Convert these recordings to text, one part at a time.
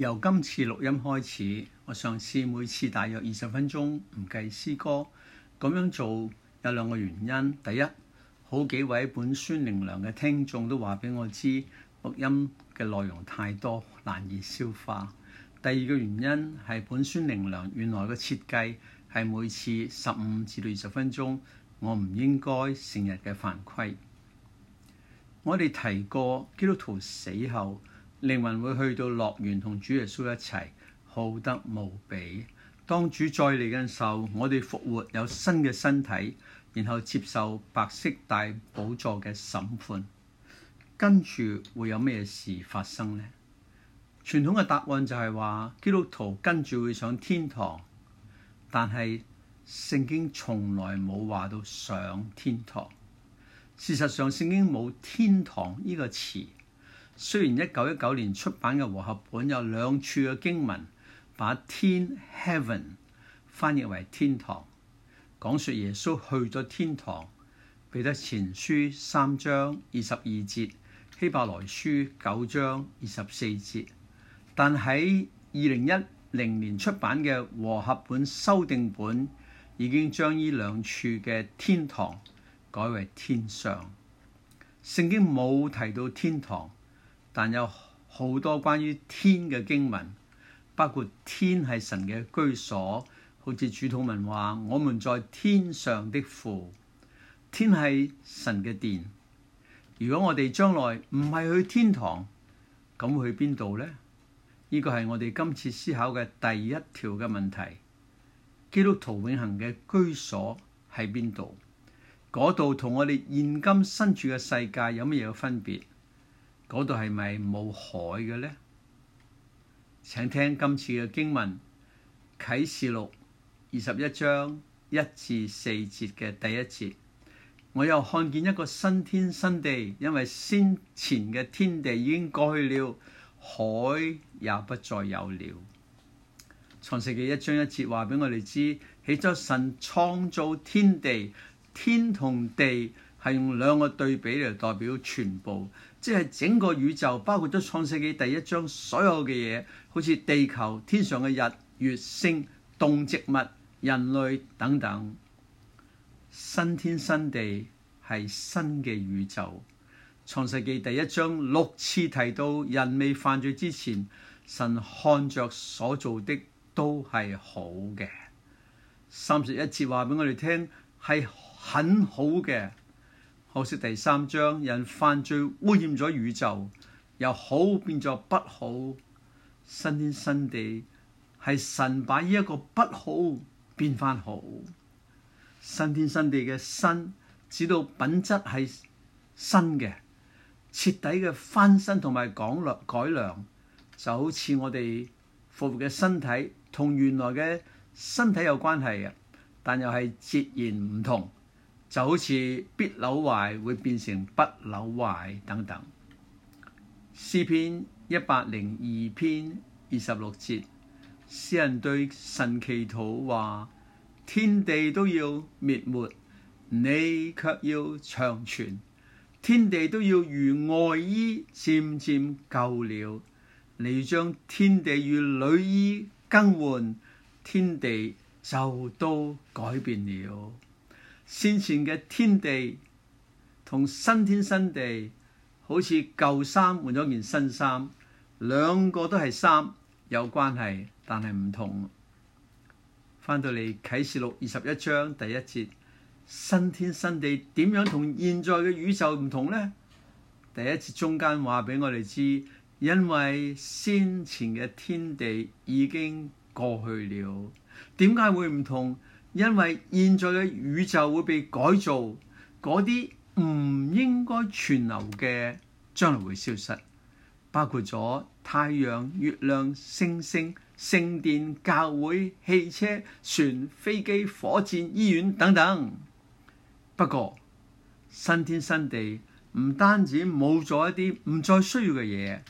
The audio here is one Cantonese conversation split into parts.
由今次錄音開始，我嘗試每次大約二十分鐘，唔計詩歌。咁樣做，有兩個原因。第一，好幾位本孫靈糧嘅聽眾都話俾我知，錄音嘅內容太多，難以消化。第二個原因係本孫靈糧原來嘅設計係每次十五至到二十分鐘，我唔應該成日嘅犯規。我哋提過，基督徒死後。靈魂會去到樂園同主耶穌一齊，好得無比。當主再嚟嘅時候，我哋復活有新嘅身體，然後接受白色大寶座嘅審判。跟住會有咩事發生呢？傳統嘅答案就係話基督徒跟住會上天堂，但係聖經從來冇話到上天堂。事實上，聖經冇天堂呢個詞。雖然一九一九年出版嘅和合本有兩處嘅經文，把天 （heaven） 翻譯為天堂，講述耶穌去咗天堂，彼得前書三章二十二節、希伯來書九章二十四節。但喺二零一零年出版嘅和合本修訂本，已經將呢兩處嘅天堂改為天上。聖經冇提到天堂。但有好多關於天嘅經文，包括天係神嘅居所，好似主禱文話：「我們在天上的父，天係神嘅殿。如果我哋將來唔係去天堂，咁去邊度呢？呢個係我哋今次思考嘅第一條嘅問題。基督徒永恆嘅居所喺邊度？嗰度同我哋現今身處嘅世界有乜嘢嘅分別？嗰度係咪冇海嘅呢？請聽今次嘅經文《啟示錄》二十一章一至四節嘅第一節。我又看見一個新天新地，因為先前嘅天地已經過去了，海也不再有了。創世記一章一節話俾我哋知，起初神創造天地，天同地係用兩個對比嚟代表全部。即係整個宇宙，包括咗創世記第一章所有嘅嘢，好似地球、天上嘅日、月、星、動植物、人類等等，新天新地係新嘅宇宙。創世記第一章六次提到人未犯罪之前，神看着所做的都係好嘅。三十一節話俾我哋聽，係很好嘅。好似第三章，人犯罪污染咗宇宙，由好變咗不好。新天新地係神把呢一個不好變翻好。新天新地嘅新，指到品質係新嘅，徹底嘅翻身同埋略改良，就好似我哋復活嘅身體，同原來嘅身體有關係嘅，但又係截然唔同。就好似必朽壞會變成不朽壞等等，詩《詩篇》一百零二篇二十六節，詩人對神祈禱話：天地都要滅沒，你卻要長存；天地都要如外衣漸漸舊了，你將天地如裏衣更換，天地就都改變了。先前嘅天地同新天新地好似舊衫換咗件新衫，兩個都係衫，有關係，但係唔同。翻到嚟啟示錄二十一章第一節，新天新地點樣同現在嘅宇宙唔同呢？第一節中間話俾我哋知，因為先前嘅天地已經過去了，點解會唔同？因為現在嘅宇宙會被改造，嗰啲唔應該存留嘅將來會消失，包括咗太陽、月亮、星星、聖殿、教會、汽車、船、飛機、火箭、醫院等等。不過新天新地唔單止冇咗一啲唔再需要嘅嘢，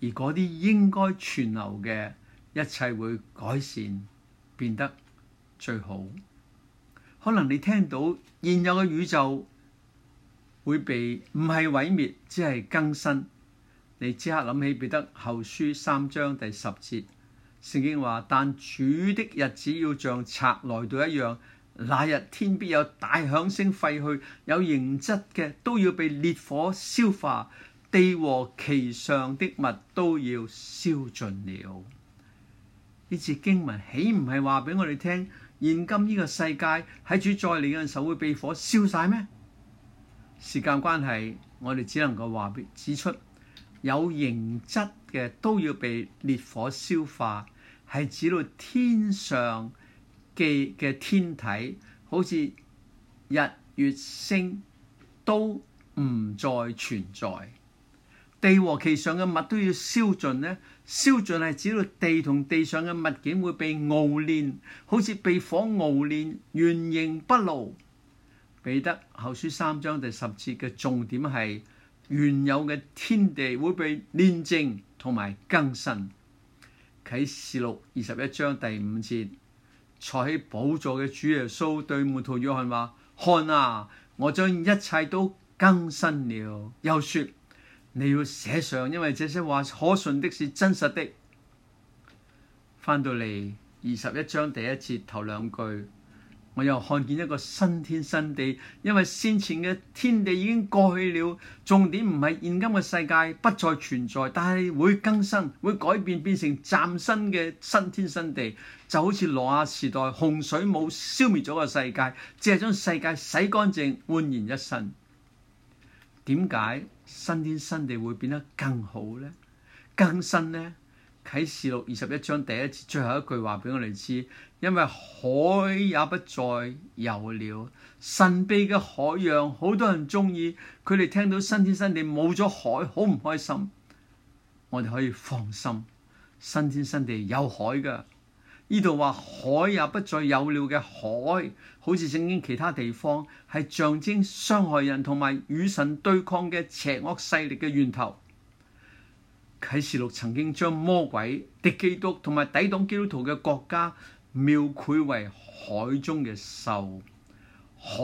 而嗰啲應該存留嘅一切會改善變得。最好，可能你聽到現有嘅宇宙會被，唔係毀滅，只係更新。你即刻諗起彼得後書三章第十節，聖經話：但主的日子要像賊來到一樣，那日天必有大響聲廢去，有形質嘅都要被烈火消化，地和其上的物都要燒盡了。呢次經文豈，起唔係話俾我哋聽？現今呢個世界喺主再嚟嘅時候會被火燒晒咩？時間關係，我哋只能夠話俾指出，有形質嘅都要被烈火消化，係指到天上嘅嘅天體，好似日月星都唔再存在。地和其上嘅物都要燒盡咧，燒盡係指地同地上嘅物件會被熬煉，好似被火熬煉，原形不露。彼得後書三章第十節嘅重點係原有嘅天地會被煉淨同埋更新。啟示錄二十一章第五節，坐喺寶座嘅主耶穌對門徒約翰話：看啊，我將一切都更新了。又說。你要寫上，因為這些話可信的是真實的。翻到嚟二十一章第一節頭兩句，我又看見一個新天新地，因為先前嘅天地已經過去了。重點唔係現今嘅世界不再存在，但係會更新、會改變，變成嶄新嘅新天新地，就好似挪亞時代洪水冇消滅咗個世界，只係將世界洗乾淨，煥然一新。點解新天新地會變得更好呢？更新呢？啟示錄二十一章第一節最後一句話俾我哋知，因為海也不再有了。神秘嘅海洋，好多人鍾意，佢哋聽到新天新地冇咗海，好唔開心。我哋可以放心，新天新地有海噶。呢度話海也不再有了嘅海，好似聖經其他地方係象徵傷害人同埋與神對抗嘅邪惡勢力嘅源頭。啟示錄曾經將魔鬼、敵基督同埋抵擋基督徒嘅國家描繪為海中嘅獸。海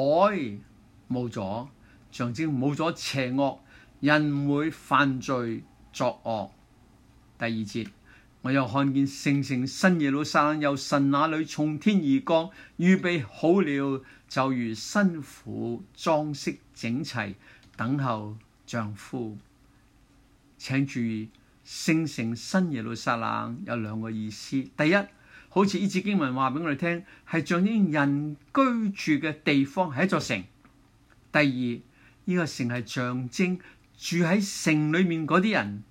冇咗，象徵冇咗邪惡，人唔會犯罪作惡。第二節。我又看見聖城新耶路撒冷由神那裏從天而降，預備好了，就如新婦裝飾整齊，等候丈夫。請注意，聖城新耶路撒冷有兩個意思：第一，好似呢節經文話俾我哋聽，係象徵人居住嘅地方，係一座城；第二，呢個城係象徵住喺城裏面嗰啲人。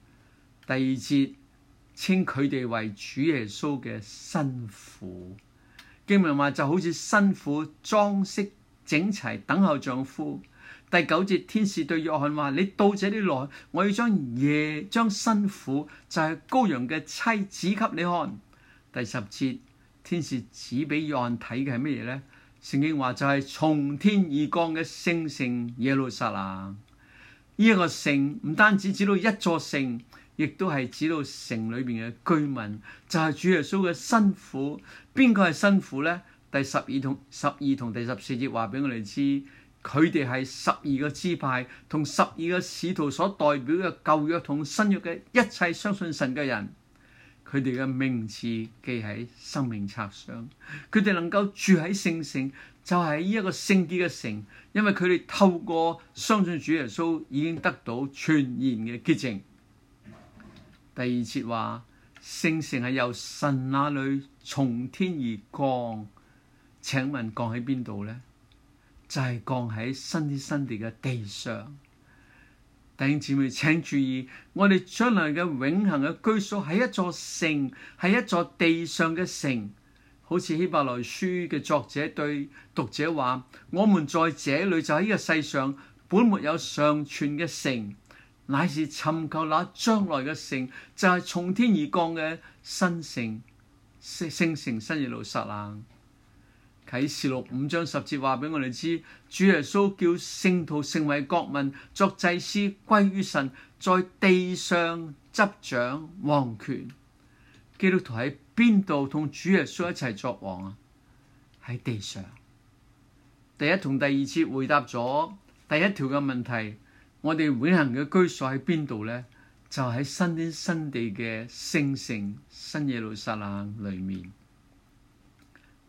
第二節。稱佢哋為主耶穌嘅新婦。經文話就好似新婦裝飾整齊等候丈夫。第九節，天使對約翰話：你到這裡來，我要將夜將新婦，就係羔羊嘅妻子給你看。第十節，天使指俾約翰睇嘅係乜嘢咧？聖經話就係從天而降嘅聖城耶路撒冷。呢、這、一個城唔單止指到一座城。亦都係指到城裏邊嘅居民，就係、是、主耶穌嘅新婦。邊個係新婦咧？第十二同十二同第十四節話畀我哋知，佢哋係十二個支派同十二個使徒所代表嘅舊約同新約嘅一切相信神嘅人，佢哋嘅名字記喺生命冊上。佢哋能夠住喺聖城，就係呢一個聖潔嘅城，因為佢哋透過相信主耶穌已經得到全然嘅潔淨。第二節話聖城係由神那裏從天而降，請問降喺邊度呢？就係降喺新天新地嘅地上。弟兄姊妹請注意，我哋將來嘅永恆嘅居所係一座城，係一座地上嘅城。好似希伯來書嘅作者對讀者話：我們在這裡就喺呢個世上本沒有常存嘅城。乃是尋求那將來嘅城，就係、是、從天而降嘅新城，聖城新耶路撒冷。啟示錄五章十節話畀我哋知，主耶穌叫聖徒成為國民作祭司歸於神，在地上執掌王權。基督徒喺邊度同主耶穌一齊作王啊？喺地上。第一同第二次回答咗第一條嘅問題。我哋永恒嘅居所喺邊度咧？就喺、是、新天新地嘅聖城新耶路撒冷裏面。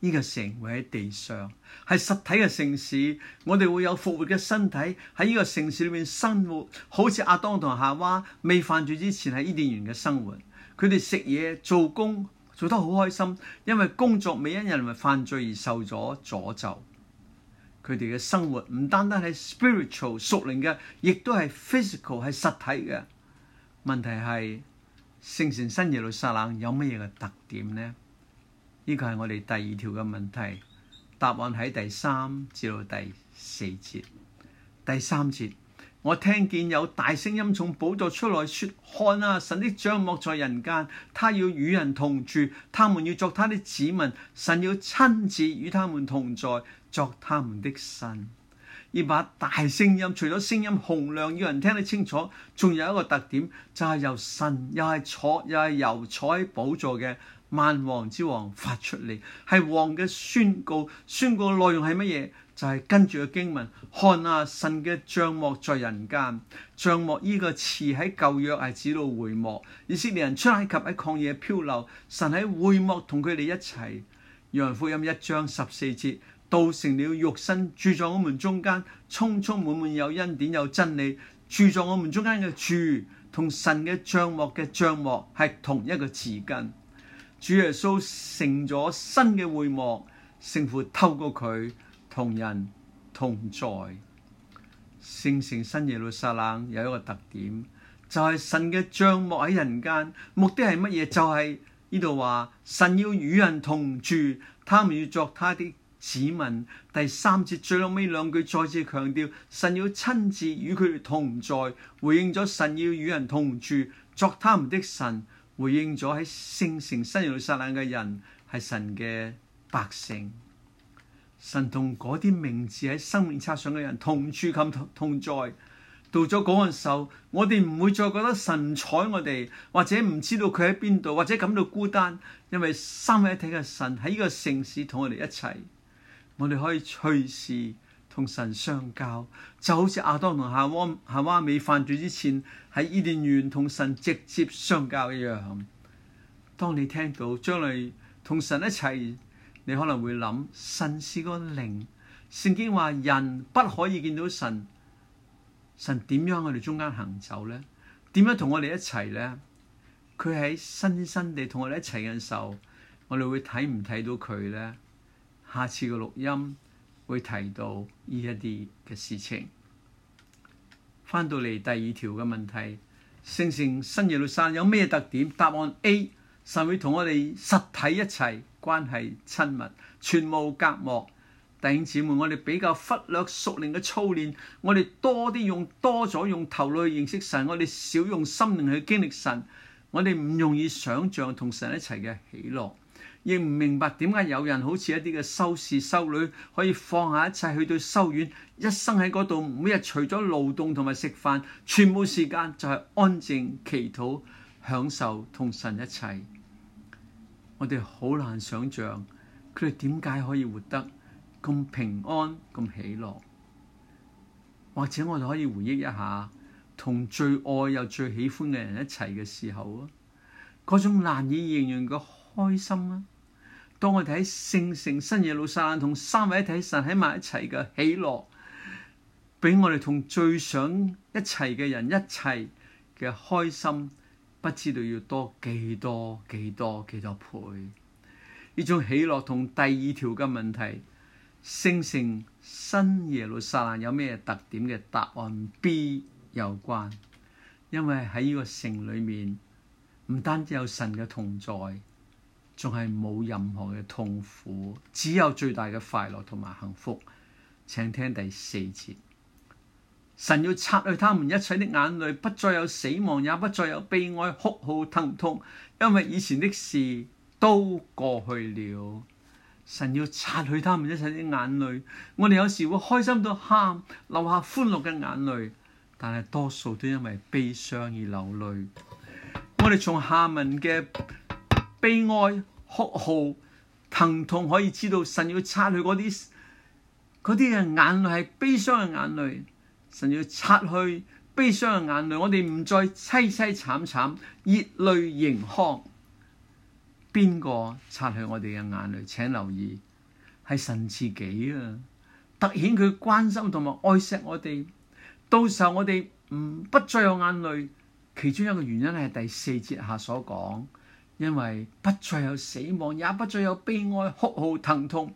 呢個城會喺地上，係實體嘅城市。我哋會有復活嘅身體喺呢個城市裏面生活，好似阿當同夏娃未犯罪之前喺伊甸園嘅生活。佢哋食嘢、做工，做得好開心，因為工作未因人為犯罪而受咗詛咒。佢哋嘅生活唔單單係 spiritual 屬靈嘅，亦都係 physical 係實體嘅。問題係聖城新耶路撒冷有乜嘢嘅特點呢？呢個係我哋第二條嘅問題，答案喺第三至到第四節。第三節。我聽見有大聲音從寶座出來説：看啊，神的帳幕在人間，他要與人同住，他們要作他的子民，神要親自與他們同在，作他們的神。而把大聲音，除咗聲音洪亮，要人聽得清楚，仲有一個特點，就係、是、由神又係坐又係由坐喺寶座嘅萬王之王發出嚟，係王嘅宣告。宣告內容係乜嘢？就係跟住個經文看啊，神嘅帳幕在人間。帳幕呢個詞喺舊約係指到會幕。以色列人出埃及喺曠野漂流，神喺會幕同佢哋一齊。約翰福音一章十四節，道成了肉身，住在我們中間，充充滿滿有恩典有真理，住在我們中間嘅住同神嘅帳幕嘅帳幕係同一個詞根。主耶穌成咗新嘅會幕，聖父透過佢。同人同在，聖城新耶路撒冷有一個特點，就係、是、神嘅帳幕喺人間，目的係乜嘢？就係呢度話神要與人同住，他們要作他的子民。第三節最後尾兩句再次強調，神要親自與佢哋同在，回應咗神要與人同住，作他們的神。回應咗喺聖城新耶路撒冷嘅人係神嘅百姓。神同嗰啲名字喺生命冊上嘅人同處同同在，到咗嗰陣時候，我哋唔會再覺得神唔睬我哋，或者唔知道佢喺邊度，或者感到孤單，因為三位一體嘅神喺呢個城市同我哋一齊，我哋可以隨時同神相交，就好似阿當同夏娃夏娃未犯罪之前喺伊甸園同神直接相交一樣。當你聽到將來同神一齊，你可能會諗，神是個靈，聖經話人不可以見到神，神點樣喺我哋中間行走咧？點樣同我哋一齊咧？佢喺新新地同我哋一齊嘅時候，我哋會睇唔睇到佢咧？下次嘅錄音會提到呢一啲嘅事情。翻到嚟第二條嘅問題，聖聖新耶路山有咩特點？答案 A，神會同我哋實體一齊。關係親密，全無隔膜。弟兄姊妹，我哋比較忽略熟練嘅操練，我哋多啲用多咗用頭腦去認識神，我哋少用心靈去經歷神，我哋唔容易想象同神一齊嘅喜樂，亦唔明白點解有人好似一啲嘅修士修女可以放下一切去到修院，一生喺嗰度，每日除咗勞動同埋食飯，全部時間就係安靜祈禱、享受同神一齊。我哋好難想像佢哋點解可以活得咁平安咁喜樂，或者我哋可以回憶一下同最愛又最喜歡嘅人一齊嘅時候啊，嗰種難以形容嘅開心啊！當我哋喺聖城新耶路撒冷同三位一體神喺埋一齊嘅喜樂，畀我哋同最想一齊嘅人一齊嘅開心。不知道要多幾多幾多幾多，多，多倍？呢種喜樂同第二條嘅問題，聖城新耶路撒冷有咩特點嘅答案 B 有關？因為喺呢個城裏面，唔單止有神嘅同在，仲係冇任何嘅痛苦，只有最大嘅快樂同埋幸福。請聽第四節。神要擦去他們一切的眼淚，不再有死亡，也不再有悲哀、哭號、疼痛，因為以前的事都過去了。神要擦去他們一切的眼淚，我哋有時會開心到喊，流下歡樂嘅眼淚，但係多數都因為悲傷而流淚。我哋從下文嘅悲哀、哭號、疼痛可以知道，神要擦去嗰啲嗰啲嘅眼淚係悲傷嘅眼淚。神要擦去悲傷嘅眼淚，我哋唔再凄凄慘慘，熱淚盈眶。邊個擦去我哋嘅眼淚？請留意，係神自己啊，凸顯佢關心同埋愛錫我哋。到時候我哋唔不再有眼淚，其中一個原因係第四節下所講，因為不再有死亡，也不再有悲哀、哭號、疼痛。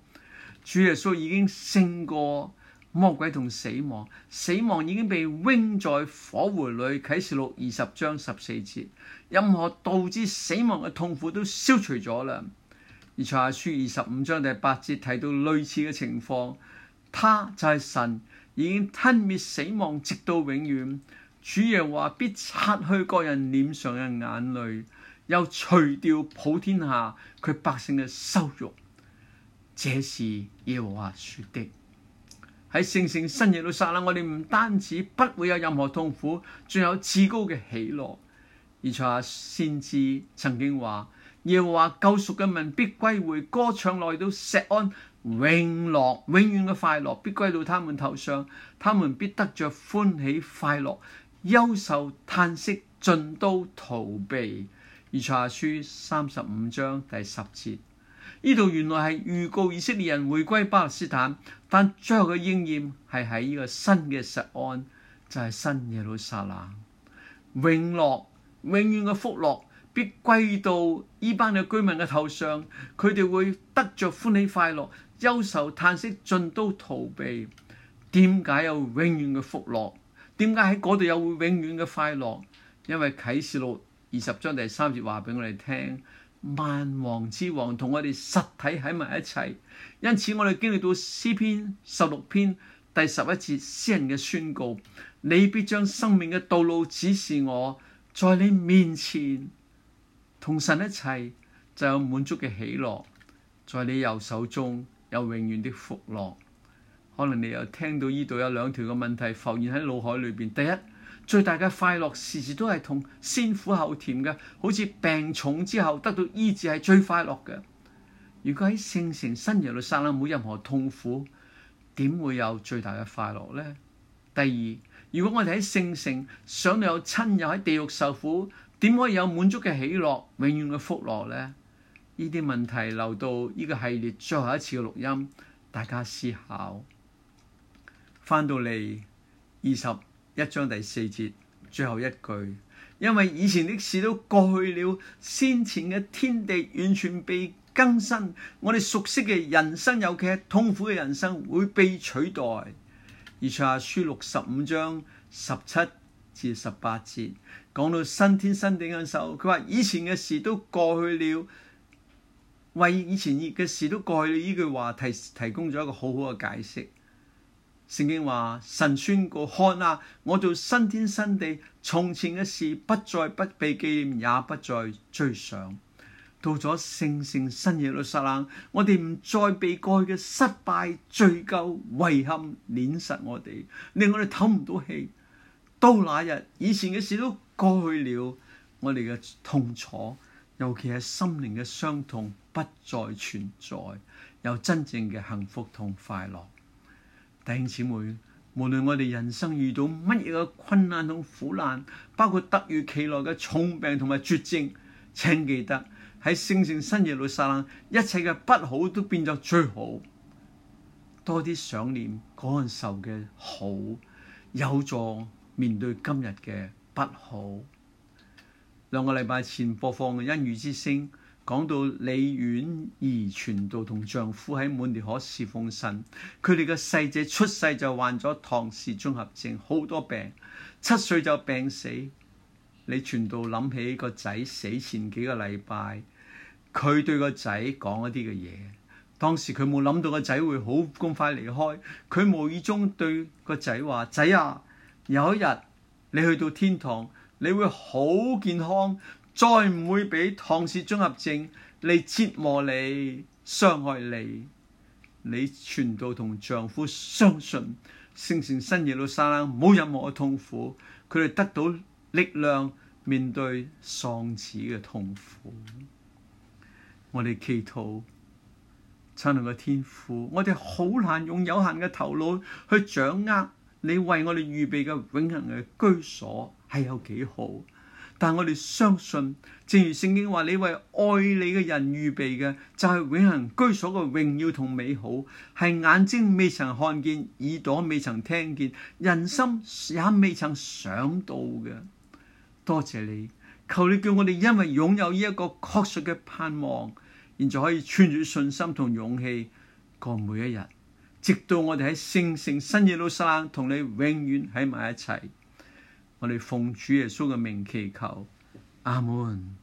主耶穌已經勝過魔鬼同死亡，死亡已經被扔在火湖裏。啟示錄二十章十四節。任何導致死亡嘅痛苦都消除咗啦。而以賽亞書二十五章第八節提到類似嘅情況，他就係神已經吞滅死亡，直到永遠，主耶穌話：必擦去各人臉上嘅眼淚，又除掉普天下佢百姓嘅羞辱。這是耶和華說的。喺聖城新耶路撒冷，我哋唔單止不會有任何痛苦，仲有至高嘅喜樂。而以賽亞先知曾經話：耶和華救贖嘅民必歸回，歌唱來到錫安，永樂永遠嘅快樂，必歸到他們頭上，他們必得着歡喜快樂，憂愁嘆息盡都逃避。而以賽亞書三十五章第十節。呢度原來係預告以色列人回歸巴勒斯坦，但最後嘅應驗係喺呢個新嘅實案，就係新耶路撒冷。永樂永遠嘅福樂必歸到呢班嘅居民嘅頭上，佢哋會得着歡喜快樂、憂愁嘆息，盡都逃避。點解有永遠嘅福樂？點解喺嗰度有會永遠嘅快樂？因為啟示錄二十章第三節話俾我哋聽。萬王之王同我哋實體喺埋一齊，因此我哋經歷到詩篇十六篇第十一節詩人嘅宣告：你必將生命嘅道路指示我，在你面前同神一齊就有滿足嘅喜樂，在你右手中有永遠的福樂。可能你又聽到呢度有兩條嘅問題浮現喺腦海裏邊，第一。最大嘅快樂，時時都係同先苦後甜嘅，好似病重之後得到醫治係最快樂嘅。如果喺聖城新耶路撒冷冇任何痛苦，點會有最大嘅快樂呢？第二，如果我哋喺聖城想有親友喺地獄受苦，點可以有滿足嘅喜樂、永遠嘅福樂呢？呢啲問題留到呢個系列最後一次嘅錄音，大家思考。翻到嚟二十。一章第四節最後一句，因為以前的事都過去了，先前嘅天地完全被更新。我哋熟悉嘅人生尤其係痛苦嘅人生會被取代。而上書六十五章十七至十八節講到新天新地嘅時候，佢話以前嘅事都過去了，為以前嘅事都過去了呢句話提提供咗一個好好嘅解釋。聖經話：神宣告，看啊！我做新天新地，從前嘅事不再不被記念，也不再追想。到咗聖聖新耶路撒冷，我哋唔再被過去嘅失敗、罪咎、遺憾碾實我哋，令我哋唞唔到氣。到那日，以前嘅事都過去了，我哋嘅痛楚，尤其係心靈嘅傷痛，不再存在，有真正嘅幸福同快樂。弟兄姊妹，無論我哋人生遇到乜嘢嘅困難同苦難，包括突如其來嘅重病同埋絕症，請記得喺聖聖新耶路撒冷，一切嘅不好都變咗最好。多啲想念嗰陣時嘅好，有助面對今日嘅不好。兩個禮拜前播放嘅《恩雨之聲》。講到李婉兒傳道同丈夫喺滿地可侍奉神，佢哋嘅細仔出世就患咗唐氏綜合症，好多病，七歲就病死。李傳道諗起個仔死前幾個禮拜，佢對個仔講一啲嘅嘢。當時佢冇諗到個仔會好咁快離開，佢無意中對個仔話：仔啊，有一日你去到天堂，你會好健康。再唔會俾唐氏綜合症嚟折磨你、傷害你。你全度同丈夫相信聖城新耶路撒冷冇任何嘅痛苦，佢哋得到力量面對喪子嘅痛苦。我哋祈禱，親臨嘅天父，我哋好難用有限嘅頭腦去掌握你為我哋預備嘅永恆嘅居所係有幾好。但我哋相信，正如聖經話，你為愛你嘅人預備嘅就係永恒居所嘅榮耀同美好，係眼睛未曾看見，耳朵未曾聽見，人心也未曾想到嘅。多謝你，求你叫我哋因為擁有呢一個確實嘅盼望，現在可以穿越信心同勇氣過每一日，直到我哋喺聖城新耶路撒冷同你永遠喺埋一齊。我哋奉主耶穌嘅名祈求，阿門。